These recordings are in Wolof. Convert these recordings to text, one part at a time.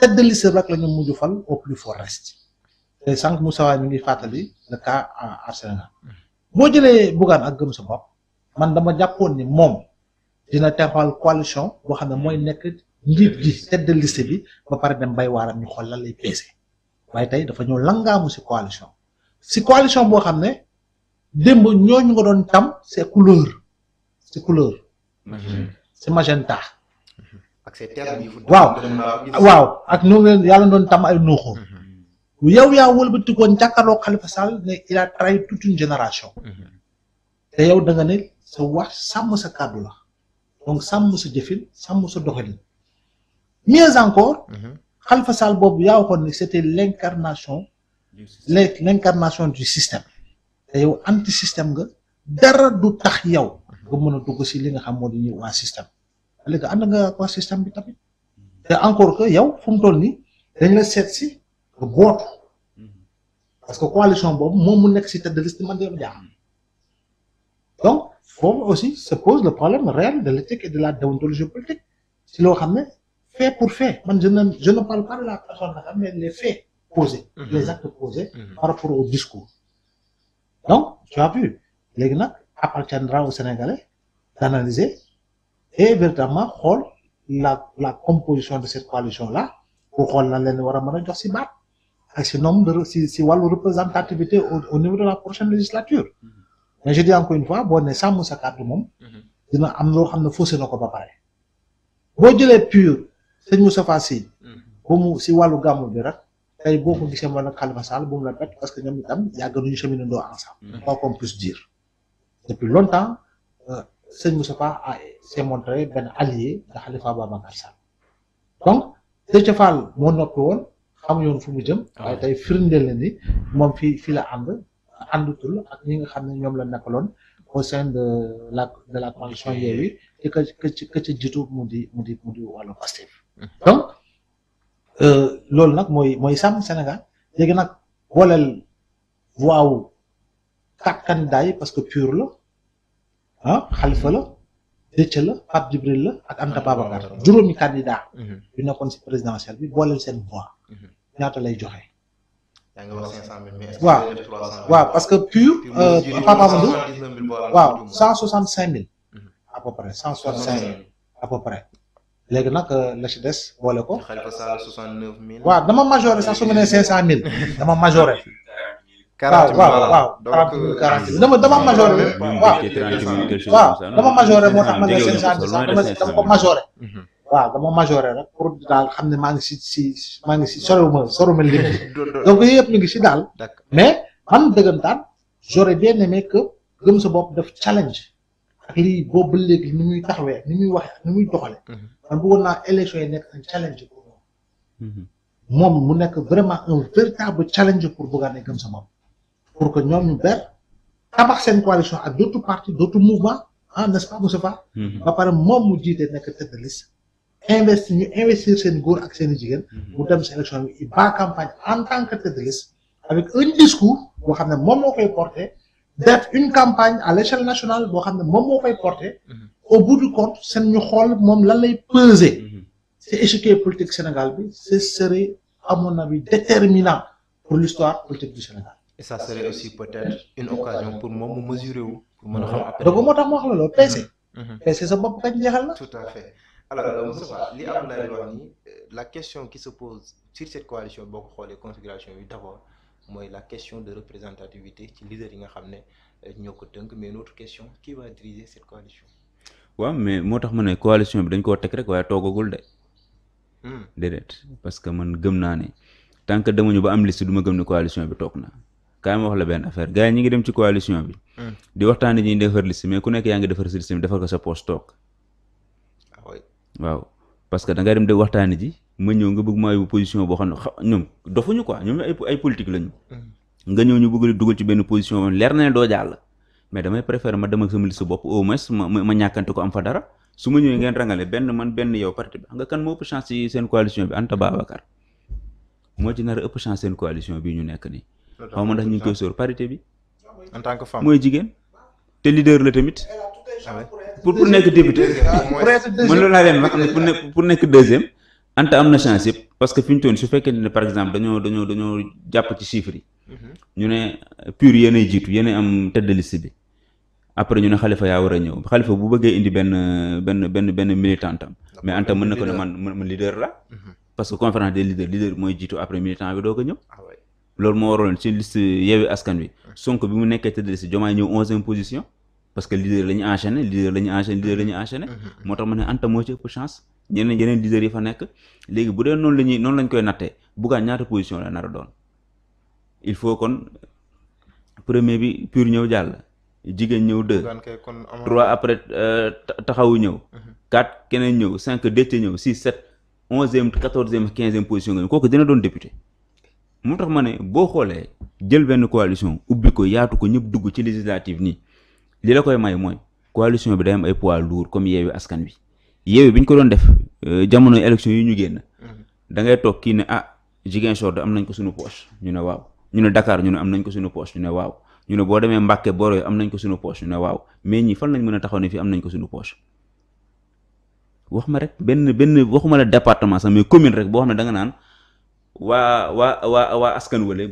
tête de liste rek la ñu mujj fal au plus fort reste te sànq Moussa Waye mi ngi fàttali le cas à Arsenal boo jëlee Bougane ak gëm sa bopp man dama jàppoon ni moom dina taxawal coalition boo xam ne mooy nekk njiit gi tête de bi ba pare dem bay waaram ñu xool la lay peese waaye tey dafa ñëw langaamu si coalition si coalition boo xam ne démb ñu nga doon tam c'est couleur c'est couleur c'est magenta waaw waaw ak noonu yàlla doon tam ay nuuxu mhm. yow yaa wëlbati koon jàkkaarloo Khalifa ne il a trahi toute une génération mhm. te yow da ne sa wax sàmm sa kàddu la donc sàmm sa jëfin sàmm sa doxalin mieux encore mhm. Khalifa boobu yaa waxoon ne c'était l'incarnation l'incarnation du système te yow anti système nga dara du tax yow nga mën a dugg si li nga xam moo di ñuy système léegi ànd nga ak waa système bi tamit te encore que yow fu mu toll nii dañ la seet si bootu parce que coalition boobu moom mu nekk si tête de liste man donc foofu aussi se pose le problème réel de l'éthique et de la déontologie politique si loo xam ne fait pour fait man je ne je ne parle pas de la personne nga xam mais les faits posés mhm. les actes posés mhm. par rapport au discours donc tu as vu léegi nag appartiendra aux Sénégalais d'analyser et véritablement xool la la composition de cette coalition la pour xool na leen war a mën jox si baat ak si nombre de si si wàllu représentativité au au niveau de la prochaine législature mm-hmm. mais je dis encore une fois boo ne sàmm sa kàddu moom. Mm-hmm. dina am loo xam ne faussé na ko ba pare. boo jëlee pur sëñ Moustapha Sy. Mm-hmm. ba si wàllu gàmmu bi rek tey boo ko gisee mën a Khalifa Sall la bett parce que ñoom itam yàgg nañu cheminer doo ensemble. quoi qu'on puisse dire depuis longtemps. Euh, sëñ Moustapha s'est ah, montré benn allié de Khalifa Ababacar Sall donc Déthié Fall moo noppi woon xamu yoon fu mu jëm. Ah. waaye tey firndeel na ni moom fii la ànd àndutul ak ñi nga xam ne ñoom la nekkaloon au sein de la de la coalition Yewwi te ka ca jiitu mu di mu di mu di wàllu Pastef hmm. donc euh, loolu nag mooy mooy sàmm Sénégal léegi nag booleel voix wu quatre parce que pur la. ah Khalifa la Déthié la Pape Djibril la ak Anta ah, Babacar juróomi candidat mhm. nekkoon si présidentielle bi booleel seen mhm. ñaata lay joxe. yaa ngi wax 500000 mais est waaw waaw parce que pur. Papa Amadou waaw 175000. Mhm. à peu près 175000 à peu près. léegi nag euh, la ci des boole ko. Khalifa Sall 69000. waaw dama majoré sax su ma nee 500000 dama majoré. 40 000 voilà waaw ah, euh, waaw dama majoré moo tax ma ne seen genre sax dama dama waaw dama majoré rek pour daal xam ne maa ngi si si maa ngi si sorewuma sorewuma lim donc yooyu yëpp mi ngi si daal. mais man dëggantaan j'aurais bien aimé que gëm sa bopp def challenge. ak lii boobu léegi ni muy taxawee ni muy waxee ni muy doxalee. Mhm. man bëggoon naa élection yi nekk un challenge mhm. moom. mu nekk vraiment un véritable challenge pour Bougane Gëm sa bopp. pour que ñoom ñu ber tabax seen coalition ak d'autres partis d'autres mouvements ah n'est-ce pas Moussa mm-hmm. pare moom mu jiite nekk tête de ñu investir seen góor ak seen jigéen mu mm-hmm. dem si élection bi ba campagne en tant que tête de avec un discours boo xam ne moom moo koy porté def une campagne à l'échelle nationale boo xam ne moom moo koy porté mm-hmm. au bout compte seen ñu xool moom lan lay peser ci échiquier politique Sénégal bi ce serait à mon avis déterminant pour l'histoire politique du Sénégal et ça serait aussi peut-être une occasion pour moom mu mesurer a la loolu peese. Mm-hmm. Mm-hmm. peese sa bopp euh, euh, euh, boo xoolee configuration bi d'abord mooy la question de représentativité ci leader yi nga xam ne ñoo ko tënk mais une autre question qui va diriger coalition. waaw mais moo tax ma ne coalition bi dañ koo teg rek waaye toogagul de. Hmm. parce que man gëm naa ne tant que demuñu ba am liste du ma gëm ne coalition bi toog na. kaay ma wax la benn affaire gars yi ñi ngi dem ci coalition bi. Hmm. di waxtaan ñi ñuy defar liste mais ku nekk yaa ngi defar liste bi defal ko sa poste toog. Ah waaw parce que da dem de waxtaan ji ma ñëw nga bëgg ma yóbbu position boo xam ne xa ñoom dofuñu quoi ñoom ay ay politique lañu. Hmm. nga ñëw ñu bëgg di dugal ci benn position leer na ne doo jàll. mais damay préférer ma dem ak sama liste bopp au moins ma ma ñàkkante ko am fa dara su ma ñëwee ngeen rangale benn man benn yow parti nga kan moo ëpp chance ci seen bi Anta Babacar moo a ëpp chance seen coalition bii nekk nii. xaw ma ndax ñu ngi koy sóor parité que femme mooy jigéen. te la tamit. Ah pour pour nekk député. mën nekk pour nekk deuxième. anta am na chance yëpp parce que fi ñu toon su fekkee ne par exemple dañoo dañoo dañoo jàpp ci chiffre yi. Mhm. ñu ne pur yéenay jiitu yéenay am tête de liste bi. après ñu ne xalifa yaa war a ñëw xalifa bu bëggee indi benn benn benn benn militant am mais anta mën na ko ne man man leader la mhm. parce que conférence des leaders leader mooy jiitu après militant bi doo ko ñëw ah loolu moo waroon ci liste Yewwi Askan Wi Sonko bi mu nekkee tëdd si Diomaye ñëw onzième position parce que leader la ñu enchaîné leader la ñu enchaîné leader mm-hmm. Mm-hmm. moo tax ma ne Anta moo ci ëpp chance ñeneen yeneen leader yi nekk léegi bu dee noonu ñuy noonu lañ koy nattee buggaan ñaata position la nar a doon faut kon premier bi pur ñëw jàll jigéen ñëw deux trois après euh, taxawu ñëw mm-hmm. quatre keneen ñëw cinq décce ñëw six sept onzième quatorzième quinzième position nga kooku dina doon député moo tax ma ne boo xoolee jël benn coalition ubbi ko yaatu ko ñëpp dugg ci législative nii li la koy may mooy coalition bi day am ay poids lourd comme yeewi askan bi yeewi bi ñu ko doon def euh, jamono élection yi ñu génn mhm. da ngay toog kii ne ah Ziguinchor da am nañ ko suñu poche ñu ne waaw ñu ne Dakar ñu ne am nañ ko suñu poche ñu ne waaw ñu ne boo demee Mbàkke Boroy am nañ ko suñu poche ñu ne waaw mais ñi fan nañ mën a taxaw ne fii am nañ ko suñu poche wax ma rek benn benn waxuma la département sax mais commune rek boo ne da nga naan waa waa waa waa askan wale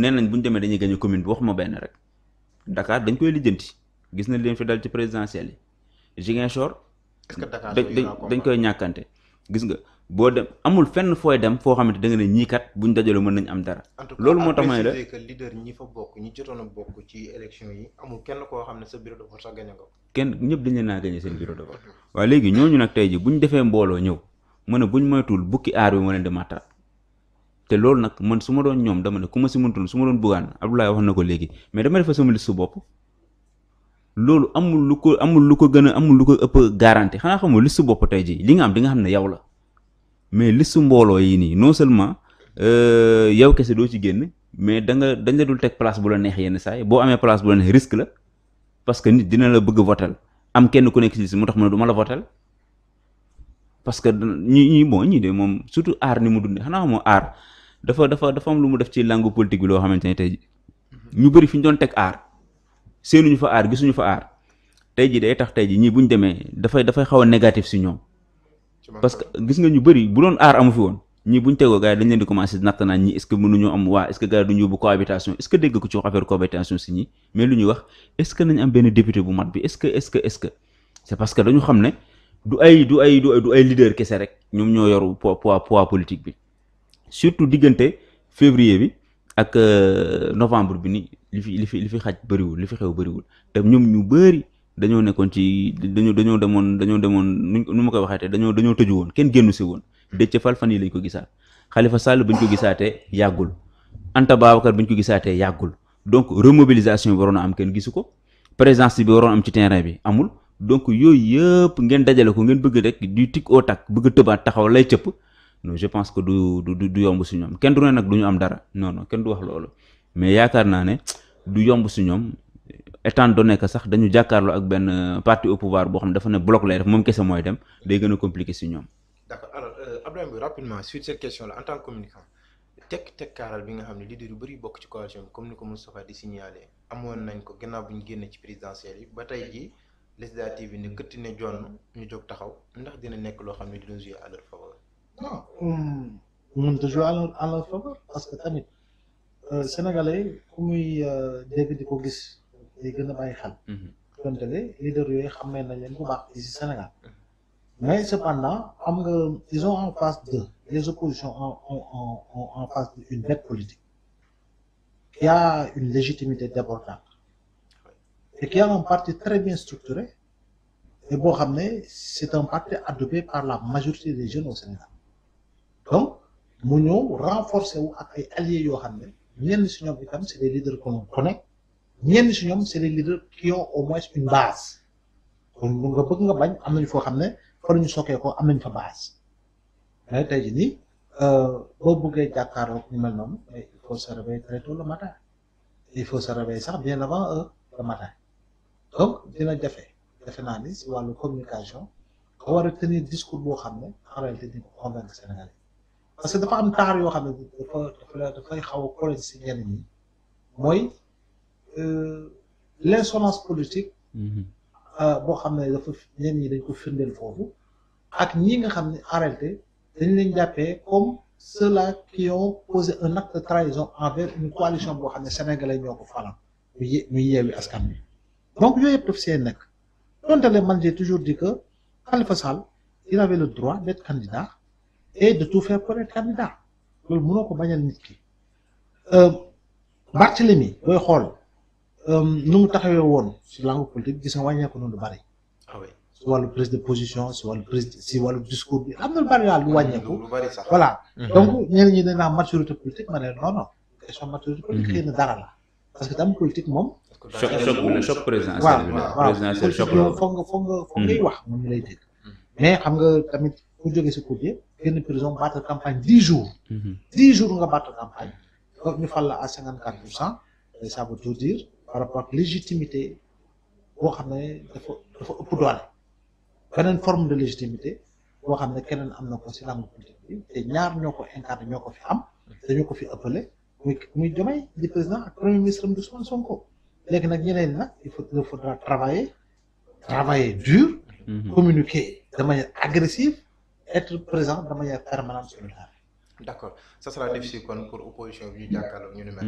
nee nañ bu ñu demee dañuy gañe commune bi ma benn rek Dakar dañ koy lijjanti gis na leen fi dal ci présidentielle yi Ziguinchor. est-ce que Dakar dañ koy ñàkkante gis nga boo dem amul fenn fooy dem foo xamante da nga ne ñii kat buñ dajaloo mën nañ am dara. loolu moo tax ma ne la que leader ñi fa bokk ñi kenn koo xam ne sa bureau de vote ko. kenn ñëpp naa gañe seen bureau de vote waaye léegi ñooñu nag tey ji buñ defee mbooloo ñëw mu ne buñ moytuwul bukki aar bi moo leen di màttaat te loolu nag man su ma doon ñoom dama ne ku ma si mëntul su ma doon bugaan Abdoulaye wax na ko léegi mais dama defa sama liste bopp loolu amul lu ko amul lu ko gën a amul lu ko ëpp garanti xanaa xamul liste bopp tey jii li nga am di nga xam ne yow la mais liste mbooloo yi nii non seulement euh, yow kese doo ci génn mais da nga dañ la dul teg place bu la neex yenn saa boo amee place bu la neex risque la parce que nit dina la bëgg votel am kenn ku nekk ci mu tax mu ne la votel parce que ñi ñi bon ñi de moom surtout aar ni mu dundee xanaa xamoo aar dafa dafa dafa am lu mu def ci langue politique bi loo xamante ne tey ñu bëri fi ñu doon teg aar seenuñu fa aar gisuñu fa aar tey jii day tax tey jii ñii bu ñu demee dafay dafay xaw a négatif si ñoom parce que gis nga ñu bëri bu doon aar amu fi woon ñii bu ñu tegoo gars yi dañ leen di commencé natt naa ñi est ce que mënuñoo am waa est ce que gars yi duñu yóbbu cohabitation est dégg ko ci wax affaire cohabitation si ñi mais lu ñuy wax est nañ am benn député bu mat ne ay du ay kese rek ñoom ñoo yoru poids poids politique bi surtout diggante février bi ak euh, novembre bi nii li fi li fi li fi xaj bëriwul li fi xew bëriwul te ñoom ñu bëri dañoo nekkoon ci dañoo dañoo demoon dañoo demoon nuñ nu ma koy waxeete dañoo dañoo tëju woon kenn génnu si woon hmm. Déthié Fall fan yi lañ ko gisaat Khalifa Sall ñu ko gisaatee yàggul Anta Babacar buñ ko gisaatee yàggul donc remobilisation bi waroon a am kenn gisu ko présence bi waroon am ci terrain bi amul donc yooyu yëpp ngeen dajale ko ngeen bëgg rek du tic au tac bëgg tëbaat taxaw lay cëpp non je pense que du du du yomb si ñoom kenn du ne nag du ñu am dara non non kenn du wax loolu mais yaakaar naa ne du yomb si ñoom étant donné que sax dañu jàkkaarloo ak benn euh, parti au pouvoir boo xam ne dafa ne bloc lay def moom kese mooy dem day gën a compliqué si ñoom. d'accord alors euh, Abdoulaye Mboye rapidement tant que communicant tekk ne bëri bokk ci coalition comme ni ko Moustapha di signalé amoon nañ ko gannaaw bu ñu génnee ci présidentielle yi ba tey jii législative yi ne këtt ne jonn ñu jóg taxaw ndax dina nekk loo xam ne dina non mënut a jouer parce que tamit sénégalais yi ku muy dégg di ko gis day gën a bàyyi xel. donte mhm. ne leader yooyu xamee nañ leen bu baax ici Sénégal mais cependant am nga ils ont en face d'eux les oppositions ont ont ont en face d'une nette politique qui a une légitimité débordante et qui a un parti très bien structuré et boo xam ne c'est un parti adopté par la majorité des jeunes au Sénégal. mu ñëw renforcer wu ak ay alliés yoo xam ne ñenn si ñoom itam c'est des leaders qu'on connaît ñenn si ñoom c'est des leaders qui ont au moins une bañ am nañu foo xam ne fa ñu sokkee am nañ fa base tey jii nii euh, boo bëggee jàkkaarloo ñu mel noonu il eh, il faut se sax bien avant heure le matin donc dina defe naa ni si wàllu communication nga war a tenir discours boo xam ne en réalité di ko convaincre parce que dafa am taar yoo xam ne dafa dafay xaw a collège si ñenn ñi mooy euh, l'insolence politique. Mhm. Euh, boo xam ne dafa ñenn ñi dañ ko firndeel foofu. ak ñi nga xam ne en dañ leen jàppee comme ceux-là qui ont posé un acte de trahison envers une coalition boo xam ne sénégalais ñoo ko falan muy yeewi askan bi donc yooyu yëpp daf see nekk donte man toujours dit que Khalifa Sall il avait le droit d'être candidat. et de tout faire pour être loolu mënoo ko bañal nit ki euh, Barthélemy booy xool euh, nu mu taxawee woon si langue politique gis nga wàññeeku noonu lu bari. si ah wàllu prise de position si wàllu si wàllu bi am na lu bari daal lu wàññeeku. lu sax voilà. Mhm. donc ñeneen ñi dañ naan maturité politique ma ne non mhm. la parce que tam politique moom. choc choc présidentiel. waaw waaw présidentiel nga foog nga foog ngay mhm. wax moom lay dégg. mais xam nga tamit ku jógee si cour yëpp. génn prison battre campagne dix jours. Mhm. dix jours nga battre campagne. donc ñu fal la à cinquante quatre pour cent et ça tout dire par rapport légitimité boo xam ne dafa dafa ëpp doole. beneen forme de légitimité boo xam ne keneen am na ko si langue politique bi te ñaar ñoo ko incarné ñoo ko fi am. dañoo ko fi ëppale muy muy Diomaye président ak premier ministre du Ousmane Sonko. léegi nag ñeneen nag il faut il faudra travailler travailler dur. Mhm. communiquer de manière agressive. être présent de manière permanente sur le terrain. d' accord ça kon pour opposition bi ñu jàkkaarloo ñu ni mel.